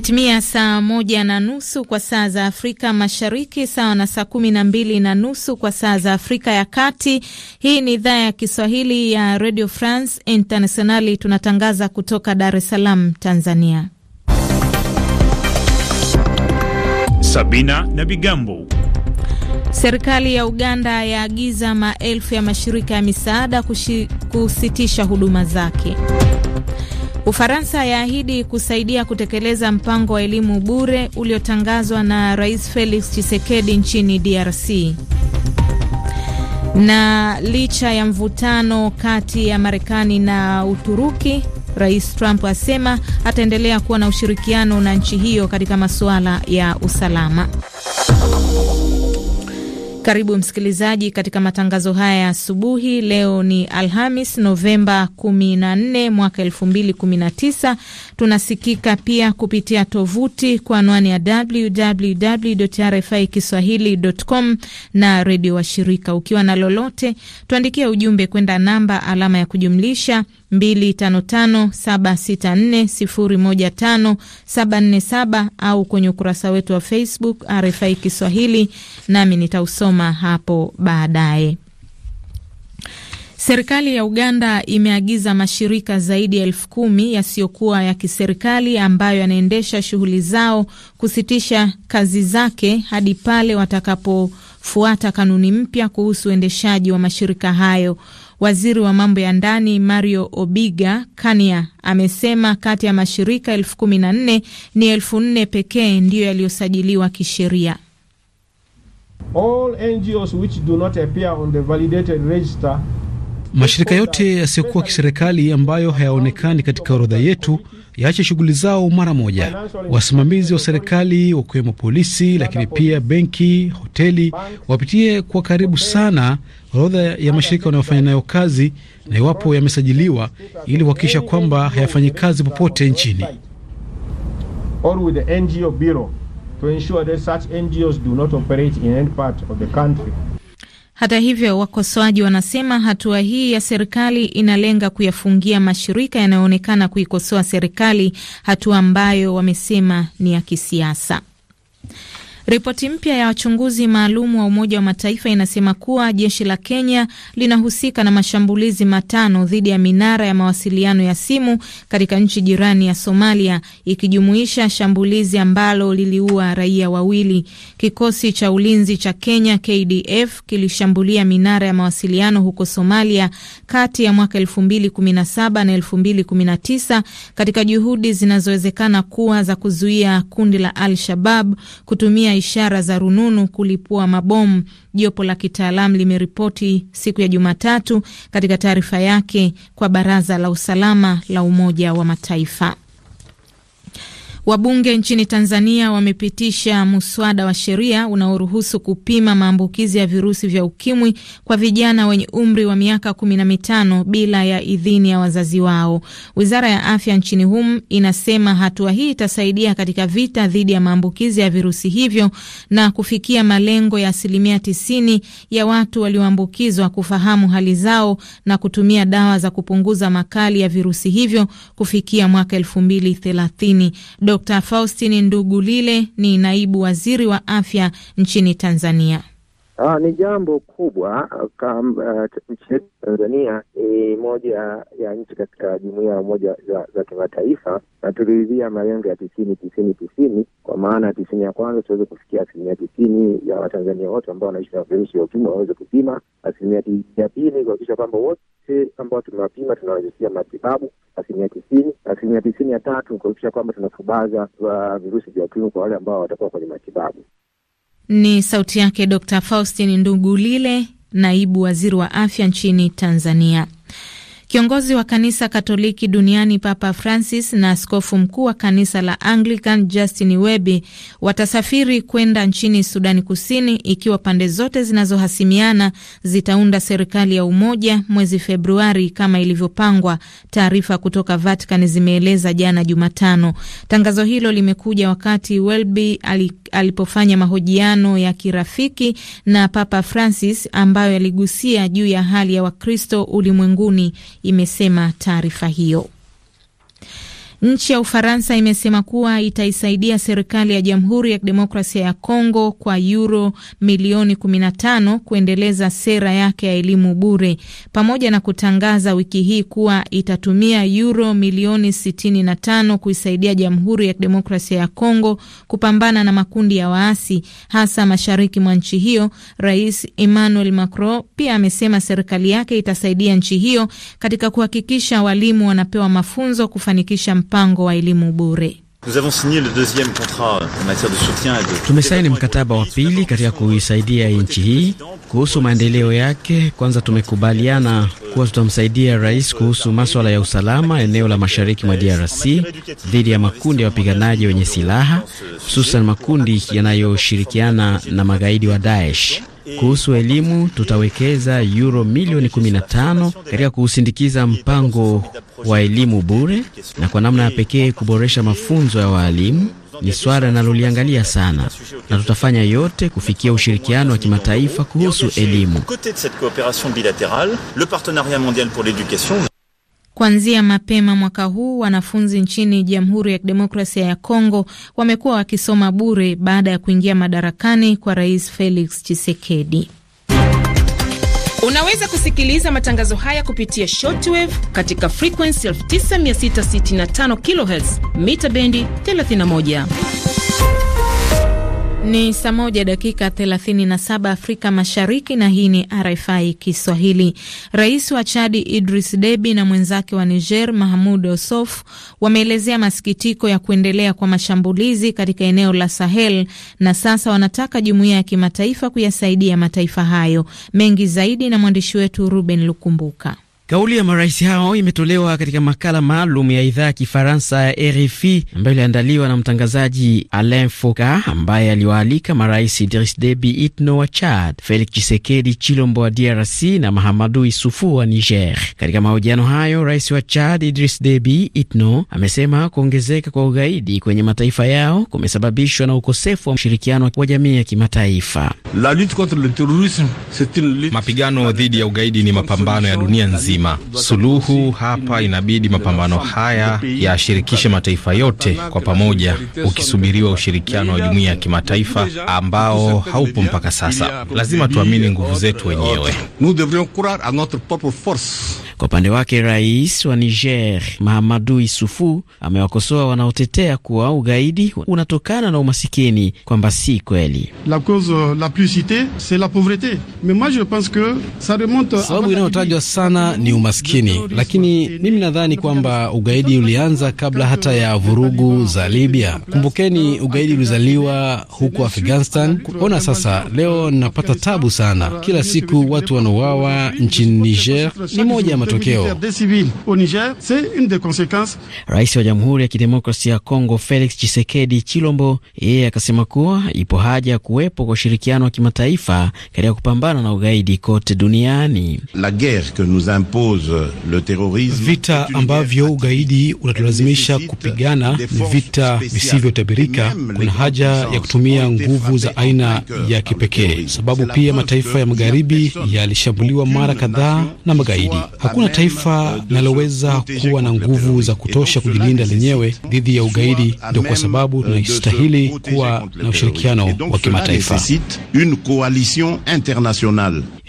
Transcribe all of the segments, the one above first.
Imetimia saa moja na nusu kwa saa za Afrika Mashariki, sawa na saa kumi na mbili na nusu kwa saa za Afrika ya Kati. Hii ni idhaa ya Kiswahili ya Radio France Internationali, tunatangaza kutoka Dar es Salaam, Tanzania. Sabina na Bigambo. Serikali ya Uganda yaagiza maelfu ya mashirika ya misaada kusitisha huduma zake. Ufaransa yaahidi kusaidia kutekeleza mpango wa elimu bure uliotangazwa na Rais Felix Tshisekedi nchini DRC. Na licha ya mvutano kati ya Marekani na Uturuki, Rais Trump asema ataendelea kuwa na ushirikiano na nchi hiyo katika masuala ya usalama. Karibu msikilizaji katika matangazo haya ya asubuhi. Leo ni Alhamis, Novemba 14 mwaka 2019. Tunasikika pia kupitia tovuti kwa anwani ya www RFI kiswahili.com na redio washirika. Ukiwa na lolote, tuandikia ujumbe kwenda namba alama ya kujumlisha 255764015747 au kwenye ukurasa wetu wa Facebook RFI Kiswahili, nami nitausoma hapo baadaye. Serikali ya Uganda imeagiza mashirika zaidi ya elfu kumi yasiyokuwa ya kiserikali ambayo yanaendesha shughuli zao kusitisha kazi zake hadi pale watakapofuata kanuni mpya kuhusu uendeshaji wa mashirika hayo. Waziri wa mambo ya ndani Mario Obiga Kania amesema kati ya mashirika elfu kumi na nne ni elfu nne pekee ndiyo yaliyosajiliwa kisheria. Mashirika yote yasiyokuwa kiserikali ambayo hayaonekani katika orodha yetu yaache shughuli zao mara moja. Wasimamizi wa serikali wakiwemo polisi, lakini pia benki, hoteli, wapitie kwa karibu sana orodha ya mashirika wanayofanya nayo kazi na iwapo yamesajiliwa, ili kuhakikisha kwamba hayafanyi kazi popote nchini. Hata hivyo, wakosoaji wanasema hatua hii ya serikali inalenga kuyafungia mashirika yanayoonekana kuikosoa serikali, hatua ambayo wamesema ni ya kisiasa. Ripoti mpya ya wachunguzi maalum wa Umoja wa Mataifa inasema kuwa jeshi la Kenya linahusika na mashambulizi matano dhidi ya minara ya mawasiliano ya simu katika nchi jirani ya Somalia, ikijumuisha shambulizi ambalo liliua raia wawili. Kikosi cha ulinzi cha Kenya KDF kilishambulia minara ya mawasiliano huko Somalia kati ya mwaka 2017 na 2019 katika juhudi zinazowezekana kuwa za kuzuia kundi la Al-Shabab kutumia ishara za rununu kulipua mabomu, jopo la kitaalamu limeripoti siku ya Jumatatu katika taarifa yake kwa Baraza la Usalama la Umoja wa Mataifa. Wabunge nchini Tanzania wamepitisha muswada wa sheria unaoruhusu kupima maambukizi ya virusi vya ukimwi kwa vijana wenye umri wa miaka kumi na mitano bila ya idhini ya wazazi wao. Wizara ya afya nchini humu inasema hatua hii itasaidia katika vita dhidi ya maambukizi ya virusi hivyo na kufikia malengo ya asilimia tisini ya watu walioambukizwa kufahamu hali zao na kutumia dawa za kupunguza makali ya virusi hivyo kufikia mwaka elfu mbili thelathini. Dr. Faustin Ndugulile ni naibu waziri wa afya nchini Tanzania. Uh, ni jambo kubwa uh, nchi yetu uh, Tanzania ni moja ya nchi katika jumuiya ya za, za kimataifa na tuliridhia malengo ya tisini tisini tisini, kwa maana tisini ya kwanza tuweze kufikia asilimia tisini ya Watanzania wote ambao wanaishi na virusi vya ukimwi waweze kupima. Asilimia ya pili kuhakikisha kwamba wote ambao tumewapima tunawawezeshia matibabu asilimia tisini. Asilimia tisini ya tatu kuhakikisha kwamba tunafubaza uh, virusi vya ukimwi kwa wale ambao watakuwa kwenye matibabu. Ni sauti yake Dr Faustin Ndugulile, naibu waziri wa afya nchini Tanzania. Kiongozi wa kanisa Katoliki duniani Papa Francis na askofu mkuu wa kanisa la Anglican Justin Welby watasafiri kwenda nchini Sudani Kusini ikiwa pande zote zinazohasimiana zitaunda serikali ya umoja mwezi Februari kama ilivyopangwa, taarifa kutoka Vatican zimeeleza jana Jumatano. Tangazo hilo limekuja wakati Welby alik alipofanya mahojiano ya kirafiki na Papa Francis ambayo yaligusia juu ya hali ya Wakristo ulimwenguni, imesema taarifa hiyo. Nchi ya Ufaransa imesema kuwa itaisaidia serikali ya Jamhuri ya Kidemokrasia ya Kongo kwa yuro milioni 15 kuendeleza sera yake ya elimu bure, pamoja na kutangaza wiki hii kuwa itatumia yuro milioni 65 kuisaidia Jamhuri ya Kidemokrasia ya Kongo kupambana na makundi ya waasi, hasa mashariki mwa nchi hiyo. Rais Emmanuel Macron pia amesema serikali yake itasaidia nchi hiyo katika kuhakikisha walimu wanapewa mafunzo kufanikisha mpango wa elimu bure. Tumesaini mkataba wa pili katika kuisaidia nchi hii kuhusu maendeleo yake. Kwanza tumekubaliana kuwa tutamsaidia rais kuhusu maswala ya usalama eneo la mashariki mwa DRC dhidi ya makundi ya wapiganaji wenye silaha, hususan makundi yanayoshirikiana na magaidi wa Daesh. E kuhusu elimu, tutawekeza euro milioni 15 katika kuusindikiza mpango wa elimu bure na kwa namna ya pekee kuboresha mafunzo ya waalimu ni swala linaloliangalia sana na tutafanya yote kufikia ushirikiano wa kimataifa kuhusu elimu. Kuanzia mapema mwaka huu wanafunzi nchini Jamhuri ya Kidemokrasia ya Kongo wamekuwa wakisoma bure baada ya kuingia madarakani kwa Rais Felix Tshisekedi. Unaweza kusikiliza matangazo haya kupitia shortwave katika frequency 9665 kHz mita bendi 31. Ni saa moja dakika 37 Afrika Mashariki, na hii ni RFI Kiswahili. Rais wa Chadi Idris debi na mwenzake wa Niger Mahamud Osof wameelezea masikitiko ya kuendelea kwa mashambulizi katika eneo la Sahel na sasa wanataka jumuiya ya kimataifa kuyasaidia mataifa hayo. Mengi zaidi na mwandishi wetu Ruben Lukumbuka. Kauli ya marais hao imetolewa katika makala maalum ya idhaa ya Kifaransa ya RFI ambayo iliandaliwa na mtangazaji Alain Foka ambaye aliwaalika marais Idris Deby Itno wa Chad, Felix chisekedi Chilombo wa DRC na Mahamadu Isufu wa Niger. Katika mahojiano hayo, rais wa Chad Idris Deby Itno amesema kuongezeka kwa ugaidi kwenye mataifa yao kumesababishwa na ukosefu wa ushirikiano wa jamii ya kimataifa. Mapigano dhidi ya ugaidi ni mapambano ya dunia nzima nzima. Suluhu hapa inabidi mapambano haya yashirikishe mataifa yote kwa pamoja, ukisubiriwa ushirikiano wa jumuiya ya kimataifa ambao haupo mpaka sasa. Lazima tuamini nguvu zetu wenyewe. Kwa upande wake, rais wa Niger Mahamadu Isufu amewakosoa wanaotetea kuwa ugaidi unatokana na umasikini kwamba si kweli. Sababu inayotajwa sana ni ni umaskini, lakini mimi nadhani kwamba ugaidi ulianza kabla hata ya vurugu za Libya. Kumbukeni, ugaidi ulizaliwa huko Afghanistan. Ona sasa, leo napata tabu sana, kila siku watu wanauawa nchini Niger, ni moja ya matokeo. Rais wa Jamhuri ya kidemokrasi ya Kongo Felix chisekedi Chilombo yeye akasema kuwa ipo haja ya kuwepo kwa ushirikiano wa kimataifa katika kupambana na ugaidi kote duniani. La guerre que nous impose Vita ambavyo ugaidi unatulazimisha kupigana ni vita visivyotabirika. Kuna haja ya kutumia nguvu za aina ya kipekee, sababu pia mataifa ya magharibi yalishambuliwa mara kadhaa na magaidi. Hakuna taifa linaloweza kuwa na nguvu za kutosha kujilinda lenyewe dhidi ya ugaidi, ndio kwa sababu tunastahili kuwa na ushirikiano wa kimataifa.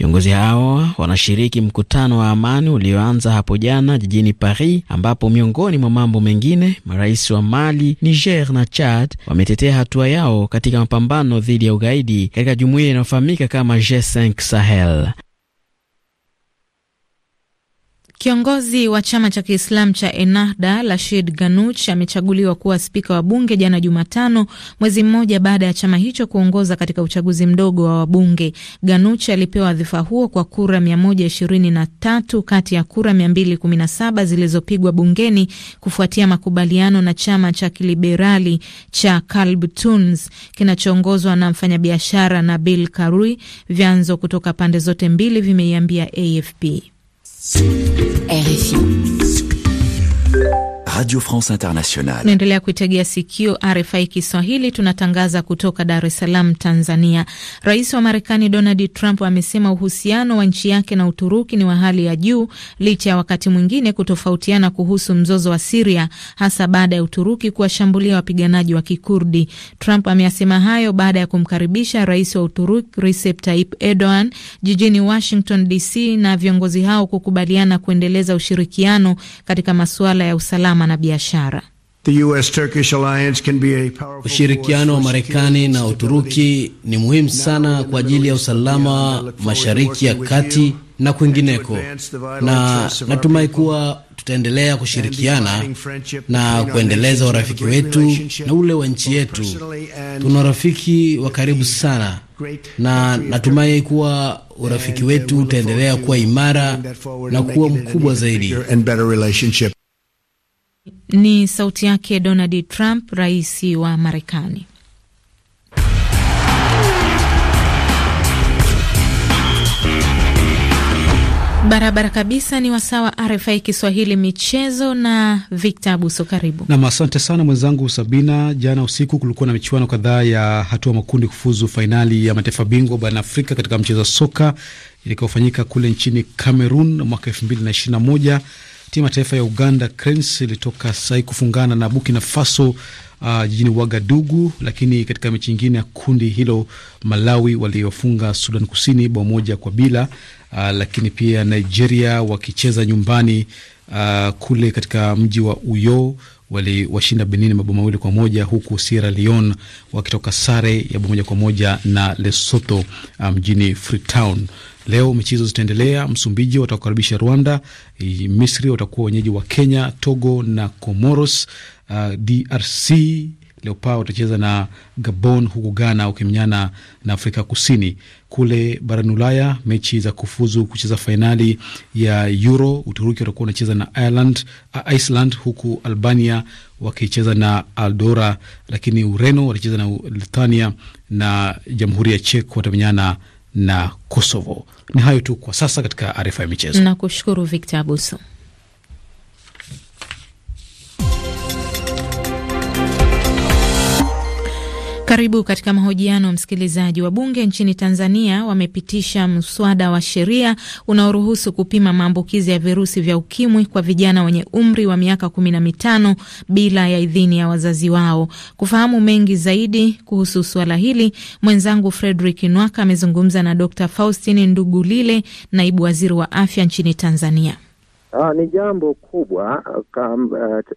Viongozi hao wanashiriki mkutano wa amani ulioanza hapo jana jijini Paris, ambapo miongoni mwa mambo mengine marais wa Mali, Niger na Chad wametetea hatua yao katika mapambano dhidi ya ugaidi katika jumuiya inayofahamika kama G5 Sahel. Kiongozi wa chama cha Kiislamu cha Ennahda Rashid Ganuch amechaguliwa kuwa spika wa bunge jana Jumatano, mwezi mmoja baada ya chama hicho kuongoza katika uchaguzi mdogo wa wabunge. Ganuch alipewa wadhifa huo kwa kura 123 kati ya kura 217 zilizopigwa bungeni kufuatia makubaliano na chama cha kiliberali cha Kalb kinachoongozwa na mfanyabiashara Nabil Karui. Vyanzo kutoka pande zote mbili vimeiambia AFP. RFI. Radio France Internationale. Naendelea kuitegea sikio RFI Kiswahili, tunatangaza kutoka Dar es Salaam, Tanzania. Rais wa Marekani Donald Trump amesema uhusiano wa nchi yake na Uturuki ni wa hali ya juu licha ya wakati mwingine kutofautiana kuhusu mzozo wa Siria, hasa baada ya Uturuki kuwashambulia wapiganaji wa Kikurdi. Trump ameyasema hayo baada ya kumkaribisha rais wa Uturuki Recep Tayyip Erdogan jijini Washington DC na viongozi hao kukubaliana kuendeleza ushirikiano katika masuala ya usalama usalama na biashara. Ushirikiano wa Marekani na Uturuki ni muhimu sana kwa ajili ya usalama Mashariki ya Kati na kwingineko, na natumai kuwa tutaendelea kushirikiana na kuendeleza urafiki wetu na ule wa nchi yetu. Tuna urafiki wa karibu sana, na natumai kuwa urafiki uh, wetu utaendelea kuwa imara na kuwa mkubwa zaidi. Ni sauti yake Donald Trump, rais wa Marekani. Barabara kabisa ni wasaa wa RFI Kiswahili michezo na Victor Abuso, karibu nam. Asante sana mwenzangu Sabina. Jana usiku kulikuwa na michuano kadhaa ya hatua makundi kufuzu fainali ya mataifa bingwa barani Afrika katika mchezo wa soka itakayofanyika kule nchini Cameroon mwaka elfu mbili na ishirini na moja. Timu ya taifa ya Uganda Cranes ilitoka sahi kufungana na Burkina Faso uh, jijini Wagadugu, lakini katika mechi nyingine ya kundi hilo Malawi waliofunga Sudan Kusini bao moja kwa bila, uh, lakini pia Nigeria wakicheza nyumbani uh, kule katika mji wa Uyo waliwashinda Benin mabao mawili kwa moja huku Sierra Leone wakitoka sare ya bao moja kwa moja na Lesotho uh, mjini um, Freetown. Leo michezo zitaendelea. Msumbiji watakukaribisha Rwanda, Misri watakuwa wenyeji wa Kenya, Togo na Comoros. Uh, DRC Leopa watacheza na Gabon, huku Ghana wakimenyana na Afrika Kusini. Kule barani Ulaya, mechi za kufuzu kucheza fainali ya Euro, Uturuki watakuwa wanacheza na Ireland, uh, Iceland, huku Albania wakicheza na aldora lakini Ureno watacheza na Lithuania na Jamhuri ya Czech watamenyana na Kosovo. Ni hayo tu kwa sasa katika arifa ya michezo. Nakushukuru Victor Abuso. Karibu katika mahojiano, msikilizaji. Wabunge nchini Tanzania wamepitisha mswada wa sheria unaoruhusu kupima maambukizi ya virusi vya ukimwi kwa vijana wenye umri wa miaka kumi na mitano bila ya idhini ya wazazi wao. Kufahamu mengi zaidi kuhusu suala hili, mwenzangu Fredrick Nwaka amezungumza na Dr Faustin Ndugulile, naibu waziri wa afya nchini Tanzania. Uh, ni jambo kubwa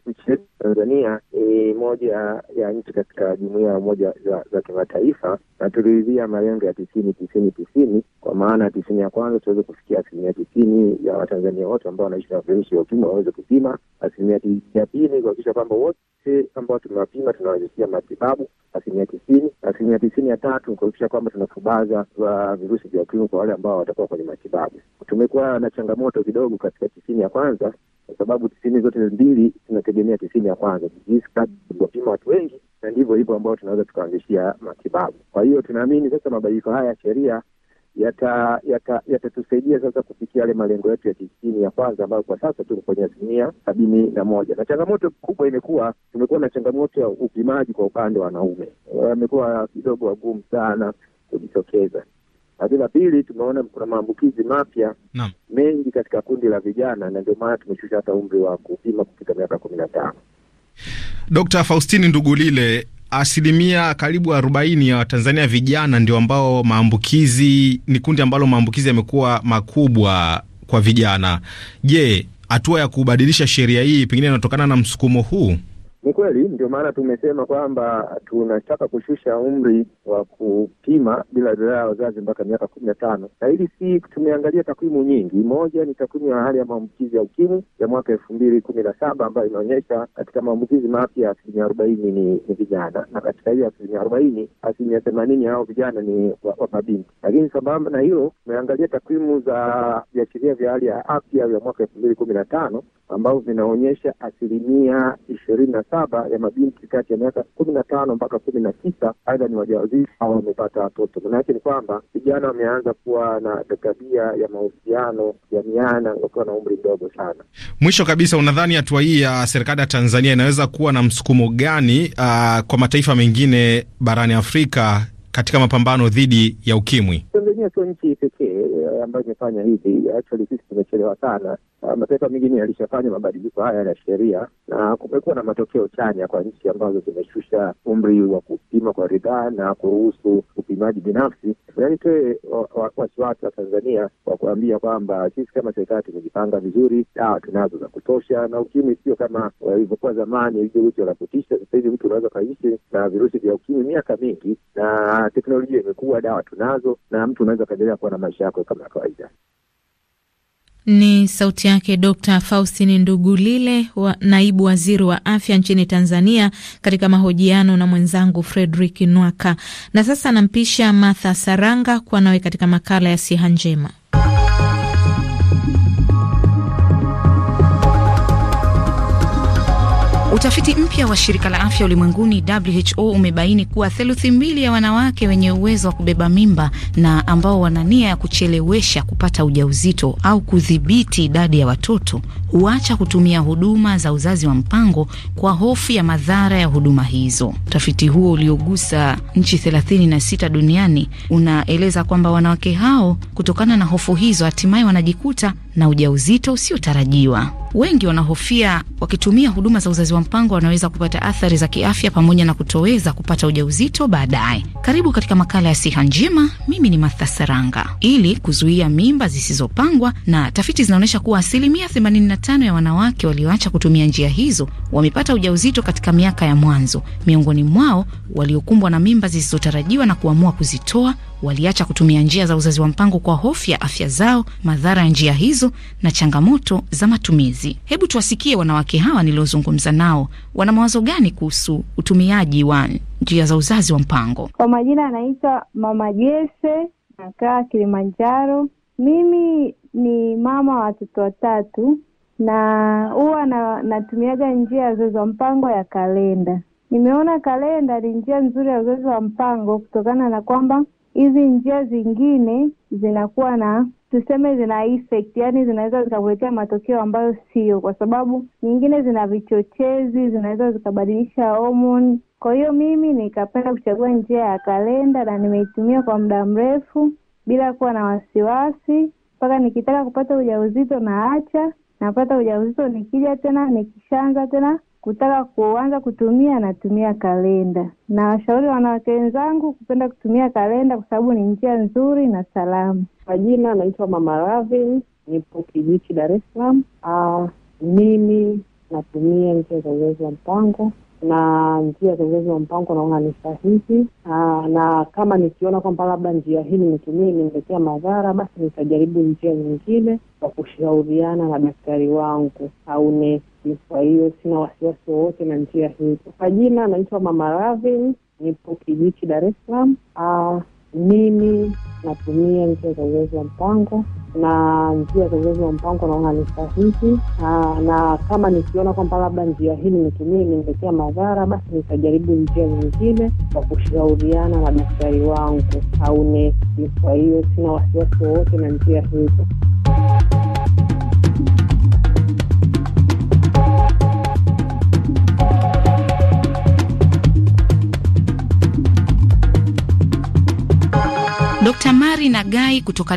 nchi yetu uh, Tanzania ni e, moja ya nchi katika jumuiya moja za, za kimataifa na tuliridhia malengo ya tisini tisini tisini, kwa maana tisini ya kwanza tuweze kufikia asilimia tisini ya Watanzania wote ambao wanaishi na virusi vya ukimwi waweze kupima, asilimia ya pili kuhakikisha kwamba wote ambao tunawapima tunawawezeshia matibabu asilimia tisini, asilimia tisini ya tatu kuhakikisha kwamba tunafubaza ah, virusi vya ukimwi kwa wale ambao watakuwa kwenye matibabu. Tumekuwa na changamoto kidogo katika tisini ya kwanza, kwa sababu tisini zote mbili tunategemea tisini ya kwanza kuwapima watu wengi, na ndivyo hivyo ambao tunaweza tukaanzishia matibabu. Kwa hiyo tunaamini sasa mabadiliko haya ya sheria yatatusaidia yata, yata sasa kufikia yale malengo yetu ya tisini ya kwanza ambayo kwa sasa tuko kwenye asilimia sabini na moja. Na changamoto kubwa imekuwa tumekuwa na changamoto ya upimaji kwa upande wa wanaume, wamekuwa kidogo wagumu sana kujitokeza lakini la pili, tumeona kuna maambukizi mapya mengi katika kundi la vijana, na ndio maana tumeshusha hata umri wa kupima kufika miaka kumi na tano. Dkt. Faustini Ndugulile, asilimia karibu arobaini ya Watanzania vijana ndio ambao maambukizi ni kundi ambalo maambukizi yamekuwa makubwa kwa vijana. Je, hatua ya kubadilisha sheria hii pengine inatokana na msukumo huu? Ni kweli, ndio maana tumesema kwamba tunataka kushusha umri wa kupima bila ridhaa ya wazazi mpaka miaka kumi na tano na hili si tumeangalia takwimu nyingi. Moja ni takwimu ya hali ya maambukizi ya ukimwi ya mwaka elfu mbili kumi na saba ambayo inaonyesha katika maambukizi mapya asilimia arobaini ni, ni vijana na katika hiyo asilimia arobaini asilimia themanini hao vijana ni wamabinti wa, lakini sambamba na hilo tumeangalia takwimu za viashiria vya hali ya afya vya mwaka elfu mbili kumi na tano ambavyo vinaonyesha asilimia ishirini na saba ya mabinti kati ya miaka kumi na tano mpaka kumi na tisa aidha ni waja hivi au wamepata watoto. yake ni kwamba vijana wameanza kuwa na tabia ya mahusiano ya miana wakiwa na umri mdogo sana. Mwisho kabisa, unadhani hatua hii ya serikali ya Tanzania inaweza kuwa na msukumo gani, uh, kwa mataifa mengine barani Afrika katika mapambano dhidi ya ukimwi. Tanzania sio nchi pekee eh, ambayo imefanya hivi, actually sisi tumechelewa sana. Ah, mataifa mengine yalishafanya mabadiliko haya ya sheria na kumekuwa na matokeo chanya kwa nchi ambazo zimeshusha umri wa kupima kwa ridhaa na kuruhusu upimaji binafsi. Nitoe wasiwasi wa Tanzania kwa kuambia kwamba sisi kama serikali tumejipanga vizuri, dawa tunazo za kutosha, na ukimwi sio kama eh, ilivyokuwa zamani, virusi wanakutisha. Sasa hivi mtu unaweza kaishi na virusi vya ukimwi miaka mingi na teknolojia imekuwa, dawa tunazo, na mtu unaweza ukaendelea kuwa na maisha yako kama ya kawaida. Ni sauti yake Dr Faustin Ndugulile wa, naibu waziri wa afya nchini Tanzania, katika mahojiano na mwenzangu Fredrik Nwaka. Na sasa anampisha Martha Saranga kuwa nawe katika makala ya siha njema. Utafiti mpya wa shirika la afya ulimwenguni WHO umebaini kuwa theluthi mbili ya wanawake wenye uwezo wa kubeba mimba na ambao wana nia ya kuchelewesha kupata ujauzito au kudhibiti idadi ya watoto huacha kutumia huduma za uzazi wa mpango kwa hofu ya madhara ya huduma hizo. Utafiti huo uliogusa nchi 36 duniani unaeleza kwamba wanawake hao, kutokana na hofu hizo, hatimaye wanajikuta na ujauzito usiotarajiwa. Wengi wanahofia wakitumia huduma za uzazi wa mpango wanaweza kupata athari za kiafya pamoja na kutoweza kupata ujauzito baadaye. Karibu katika makala ya Siha Njema. Mimi ni Martha Saranga. Ili kuzuia mimba zisizopangwa, na tafiti zinaonyesha kuwa asilimia 85 ya wanawake walioacha kutumia njia hizo wamepata ujauzito katika miaka ya mwanzo. Miongoni mwao waliokumbwa na mimba zisizotarajiwa na kuamua kuzitoa waliacha kutumia njia za uzazi wa mpango kwa hofu ya afya zao, madhara ya njia hizo na changamoto za matumizi. Hebu tuwasikie wanawake hawa niliozungumza nao wana mawazo gani kuhusu utumiaji wa njia za uzazi wa mpango. Kwa majina anaitwa Mama Jese, nakaa Kilimanjaro. Mimi ni mama wa watoto watatu na huwa na, natumiaga njia ya uzazi wa mpango ya kalenda. Nimeona kalenda ni njia nzuri ya uzazi wa mpango kutokana na kwamba hizi njia zingine zinakuwa na tuseme zina effect, yani zinaweza zikakuletea matokeo ambayo sio, kwa sababu nyingine zina vichochezi, zinaweza zikabadilisha homoni. Kwa hiyo mimi nikapenda kuchagua njia ya kalenda na nimeitumia kwa muda mrefu bila kuwa na wasiwasi, mpaka nikitaka kupata ujauzito naacha, napata ujauzito, nikija tena nikishaanza tena kutaka kuanza kutumia anatumia kalenda, na washauri wanawake wenzangu kupenda kutumia kalenda kwa sababu ni njia nzuri na salama. Kwa jina anaitwa Mama Ravi, nipo Kijiji, Dar es Salaam. Ah, mimi natumia njia za uzazi wa mpango na njia zenyewe wa mpango naona ni sahihi, ah, na kama nikiona kwamba labda njia hii nimetumia imeletea madhara, basi nitajaribu njia nyingine kwa kushauriana na daktari wangu au nesi. Kwa hiyo sina wasiwasi wowote na njia hizo Kwa jina naitwa Mama Ravin, nipo Kijichi, dares salam ah, mimi natumia njia za uwezo wa mpango na njia za uwezo wa mpango naona ni sahihi, na kama nikiona kwamba labda njia hii nimetumia imeniletea madhara, basi nitajaribu njia zingine kwa kushauriana na daktari wangu au nesi. Kwa hiyo sina wasiwasi wowote na njia hizo. Dr. Mari Nagai kutoka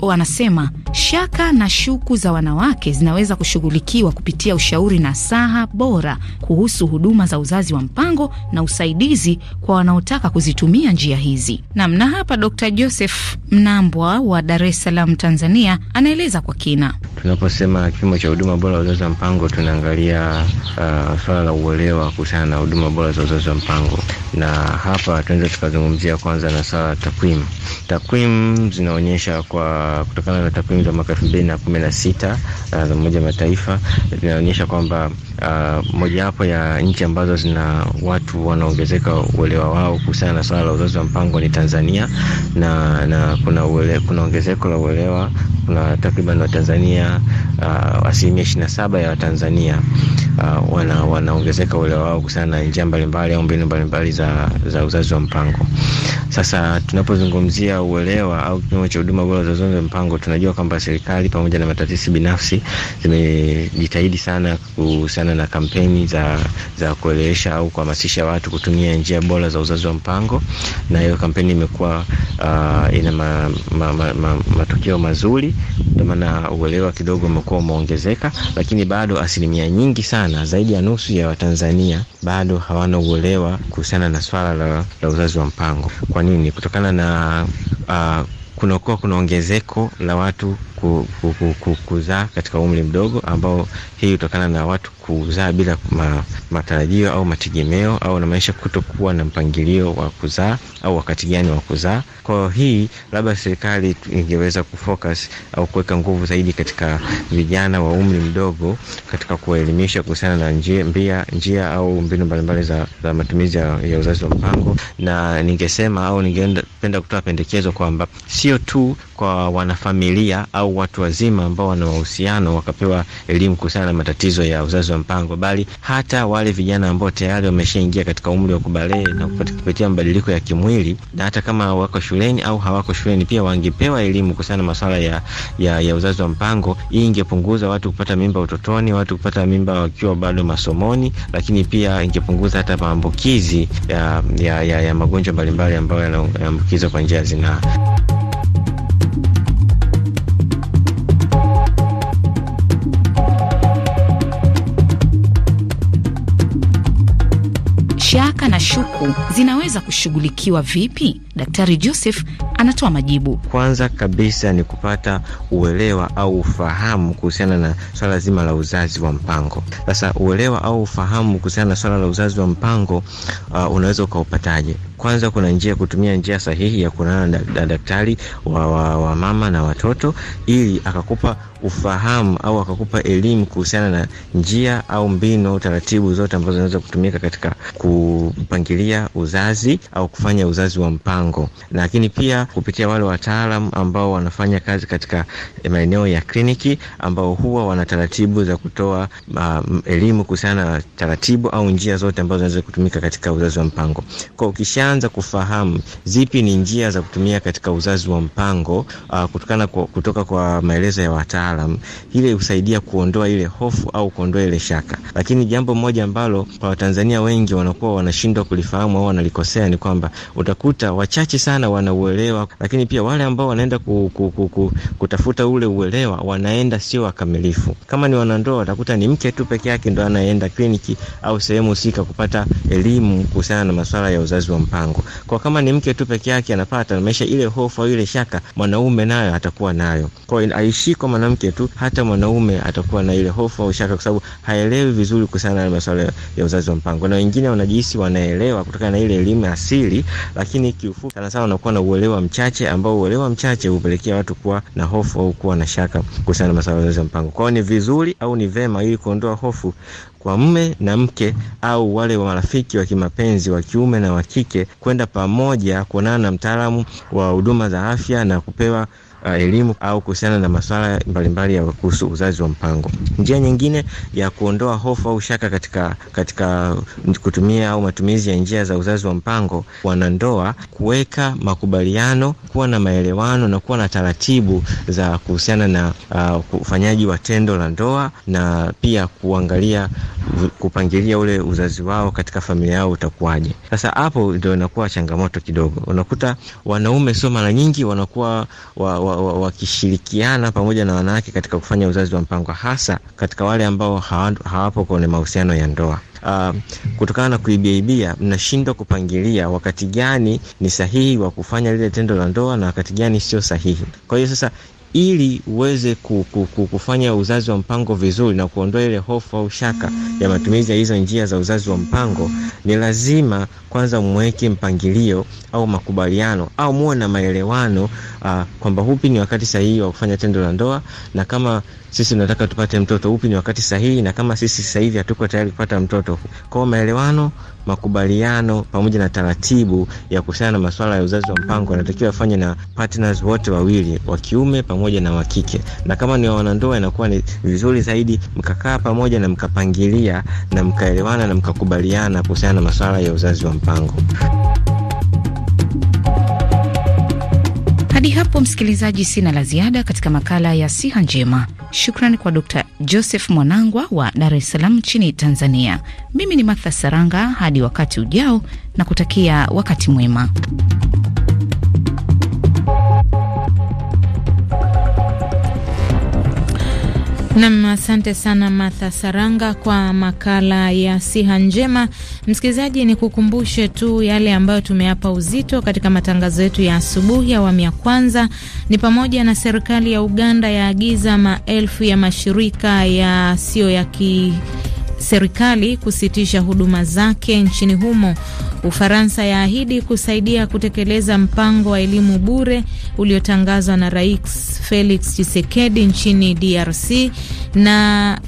WHO anasema shaka na shuku za wanawake zinaweza kushughulikiwa kupitia ushauri na saha bora kuhusu huduma za uzazi wa mpango na usaidizi kwa wanaotaka kuzitumia njia hizi. Nam na hapa Dr. Joseph Mnambwa wa Dar es Salaam, Tanzania anaeleza kwa kina. Tunaposema kipimo cha huduma bora za uzazi wa mpango tunaangalia uh, swala la uelewa kuhusiana na huduma bora za uzazi wa mpango na hapa tunaweza tukazungumzia kwanza na saa takwimu. Takwimu zinaonyesha kwa kutokana na takwimu za mwaka elfu mbili na kumi na sita uh, za Umoja Mataifa zinaonyesha kwamba uh, mojawapo ya nchi ambazo zina watu wanaongezeka uelewa wao kuhusiana na swala la uzazi wa mpango ni Tanzania na, na kuna, kuna ongezeko la uelewa kuna takriban Watanzania uh, asilimia ishirini na saba ya Watanzania uh, wanaongezeka wana wanaongezeka uelewa wao kuhusiana na njia mbalimbali au mbinu mbalimbali za, za uzazi wa mpango. Sasa tunapozungumzia uelewa au kipimo cha huduma bora za uzazi wa mpango, tunajua kwamba serikali pamoja na mataasisi binafsi zimejitahidi sana kuhusiana na kampeni za, za kuelewesha au kuhamasisha watu kutumia njia bora za uzazi wa mpango, na hiyo kampeni imekuwa uh, ina ma, ma, ma, ma, matokeo mazuri ndio maana uelewa kidogo umekuwa umeongezeka, lakini bado asilimia nyingi sana, zaidi ya nusu ya Watanzania bado hawana uelewa kuhusiana na swala la, la uzazi wa mpango. Kwa nini? Kutokana na uh, kunakuwa kuna ongezeko la watu kuzaa katika umri mdogo, ambao hii hutokana na watu kuzaa bila ma, matarajio au mategemeo au na maisha kutokuwa na mpangilio wa kuzaa au wakati gani wa kuzaa. Kwa hii labda serikali ingeweza kufocus au kuweka nguvu zaidi katika vijana wa umri mdogo katika kuwaelimisha kuhusiana na njia, mbia, njia au mbinu mbalimbali za, za matumizi ya, ya uzazi wa mpango, na ningesema au ningependa kutoa pendekezo kwamba sio tu kwa wanafamilia au watu wazima ambao wana mahusiano wakapewa elimu kuhusiana na matatizo ya uzazi wa mpango, bali hata wale vijana ambao tayari wameshaingia katika umri wa kubalee na kupitia mabadiliko ya kimwili, na hata kama wako shuleni au hawako shuleni, pia wangepewa elimu kuhusiana na masuala ya, ya, ya uzazi wa mpango. Hii ingepunguza watu kupata mimba utotoni, watu kupata mimba wakiwa bado masomoni, lakini pia ingepunguza hata maambukizi ya, ya, ya, ya magonjwa mbalimbali ambayo yanaambukizwa kwa njia ya zinaa. na shuku zinaweza kushughulikiwa vipi? Daktari Joseph anatoa majibu. Kwanza kabisa ni kupata uelewa au ufahamu kuhusiana na swala zima la uzazi wa mpango. Sasa uelewa au ufahamu kuhusiana na swala la uzazi wa mpango uh, unaweza ukaupataje? Kwanza kuna njia kutumia njia sahihi ya kuonana na daktari wa, wa, wa mama na watoto ili akakupa ufahamu au akakupa elimu kuhusiana na njia au mbinu au taratibu zote ambazo zinaweza kutumika katika kupangilia uzazi au kufanya uzazi wa mpango michango, lakini pia kupitia wale wataalam ambao wanafanya kazi katika eh, maeneo ya kliniki ambao huwa wana taratibu za kutoa uh, elimu kuhusiana na taratibu au njia zote ambazo zinaweza kutumika katika uzazi wa mpango. Kwa ukishaanza kufahamu zipi ni njia za kutumia katika uzazi wa mpango uh, kutokana kutoka kwa maelezo ya wataalam, ile husaidia kuondoa ile hofu au kuondoa ile shaka. Lakini jambo moja ambalo kwa Watanzania wengi wanakuwa wanashindwa kulifahamu au wanalikosea ni kwamba utakuta wacha wachache sana wanauelewa, lakini pia wale ambao wanaenda ku, ku, ku, ku, kutafuta ule uelewa wanaenda sio wakamilifu. Kama ni wanandoa, watakuta ni mke tu peke yake ndo anaenda kliniki au sehemu husika kupata elimu kuhusiana na masuala ya uzazi wa mpango. Kwa kama ni mke tu peke yake anapata maisha, ile hofu au ile shaka mwanaume nayo atakuwa nayo. Kwa hiyo aishi kwa mwanamke tu, hata mwanaume atakuwa na ile hofu au shaka, kwa sababu haelewi vizuri kuhusiana na masuala ya uzazi wa mpango, na wengine wanajihisi wanaelewa kutokana na ile elimu asili, lakini kiufu hofu sana sana, unakuwa na uelewa mchache, ambao uelewa mchache hupelekea watu kuwa na hofu au kuwa na shaka kuhusiana na masuala ya mpango. Kwao ni vizuri au ni vema, ili kuondoa hofu kwa mme na mke au wale wa marafiki wa kimapenzi wa kiume na wa kike, kwenda pamoja kuonana na mtaalamu wa huduma za afya na kupewa uh, elimu au kuhusiana na masuala mbalimbali ya kuhusu uzazi wa mpango. Njia nyingine ya kuondoa hofu au shaka katika, katika kutumia au matumizi ya njia za uzazi wa mpango, wanandoa kuweka makubaliano, kuwa na maelewano na kuwa na taratibu za kuhusiana na uh, ufanyaji wa tendo la ndoa na pia kuangalia kupangilia ule uzazi wao katika familia yao utakuwaje. Sasa hapo ndio inakuwa changamoto kidogo, unakuta wanaume sio mara nyingi wanakuwa wa, wa, wakishirikiana wa, wa pamoja na wanawake katika kufanya uzazi wa mpango, hasa katika wale ambao hawapo kwenye mahusiano ya ndoa. Uh, kutokana na kuibiaibia mnashindwa kupangilia wakati gani ni sahihi wa kufanya lile tendo la ndoa na wakati gani sio sahihi. Kwa hiyo sasa ili uweze kufanya uzazi wa mpango vizuri na kuondoa ile hofu au shaka ya matumizi ya hizo njia za uzazi wa mpango, ni lazima kwanza mweke mpangilio au makubaliano au muwe na maelewano uh, kwamba upi ni wakati sahihi wa kufanya tendo la ndoa, na kama sisi tunataka tupate mtoto, upi ni wakati sahihi, na kama sisi sasa hivi hatuko tayari kupata mtoto. Kwao maelewano, makubaliano pamoja na taratibu ya kuhusiana na masuala ya uzazi wa mpango yanatakiwa afanye na partners wote wawili, wa kiume pamoja na wa kike, na kama ni wanandoa inakuwa ni vizuri zaidi mkakaa pamoja na mkapangilia na mkaelewana na mkakubaliana kuhusiana na masuala ya uzazi wa mpango mpango. Hadi hapo msikilizaji, sina la ziada katika makala ya siha njema. Shukrani kwa Dr Joseph Mwanangwa wa Dar es Salaam nchini Tanzania. Mimi ni Martha Saranga, hadi wakati ujao, na kutakia wakati mwema. Nam, asante sana Martha Saranga kwa makala ya siha njema. Msikilizaji, ni kukumbushe tu yale ambayo tumeyapa uzito katika matangazo yetu ya asubuhi awamu ya kwanza, ni pamoja na serikali ya Uganda yaagiza maelfu ya mashirika yasiyo ya ki serikali kusitisha huduma zake nchini humo. Ufaransa yaahidi kusaidia kutekeleza mpango wa elimu bure uliotangazwa na Rais Felix Tshisekedi nchini DRC na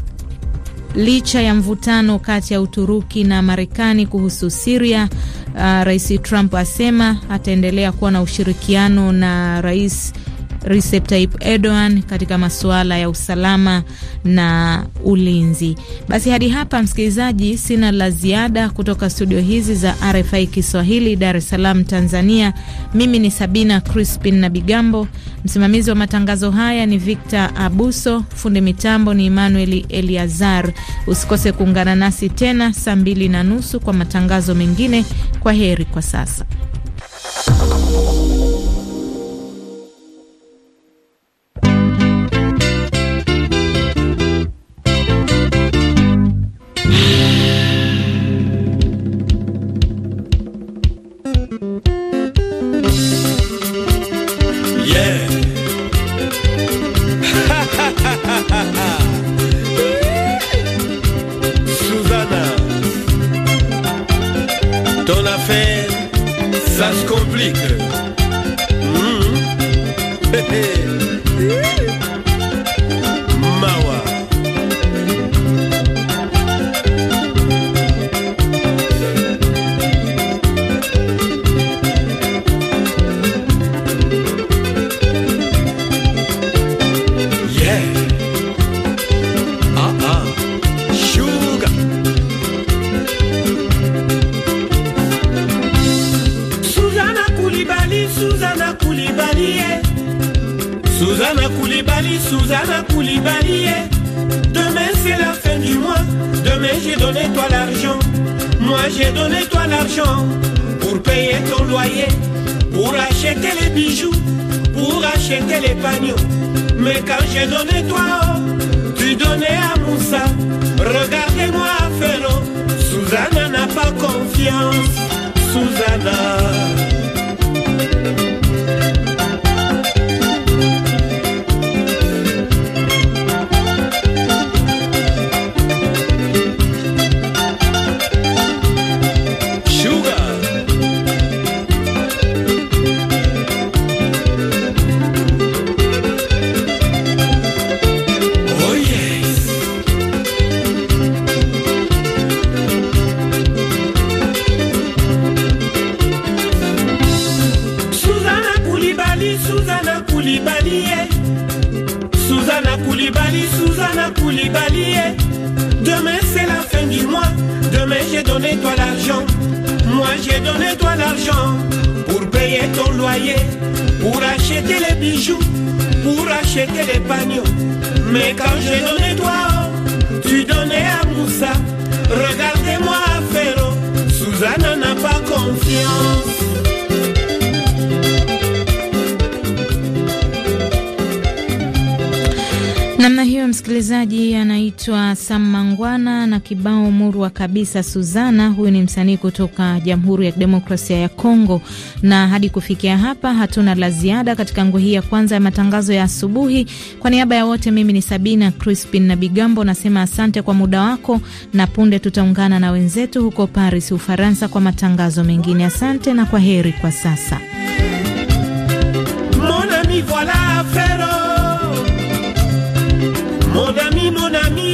licha ya mvutano kati ya Uturuki na Marekani kuhusu Siria, uh, Rais Trump asema ataendelea kuwa na ushirikiano na Rais Recep Tayyip Erdogan katika masuala ya usalama na ulinzi. Basi hadi hapa, msikilizaji, sina la ziada kutoka studio hizi za RFI Kiswahili, Dar es Salaam, Tanzania. Mimi ni Sabina Crispin na Bigambo, msimamizi wa matangazo haya ni Victor Abuso, fundi mitambo ni Emmanuel Eliazar. Usikose kuungana nasi tena saa mbili na nusu kwa matangazo mengine. Kwa heri kwa sasa. public. j'ai donné toi, tu donnais à Moussa. Regardez-moi, Féro, Susanna n'a pas confiance. Susanna. donnez toi l'argent pour payer ton loyer, pour acheter les bijoux, pour acheter les panneaux. Mais quand j'ai donné toi, tu donnais à Moussa. Regardez-moi, Féro, Suzanne n'a pas confiance. msikilizaji anaitwa Sam Mangwana na kibao murwa kabisa Suzana. Huyu ni msanii kutoka Jamhuri ya Kidemokrasia ya Kongo. Na hadi kufikia hapa, hatuna la ziada katika ngu hii ya kwanza ya matangazo ya asubuhi. Kwa niaba ya wote, mimi ni Sabina Crispin na Bigambo nasema asante kwa muda wako, na punde tutaungana na wenzetu huko Paris, Ufaransa, kwa matangazo mengine. Asante na kwa heri kwa sasa. mon ami.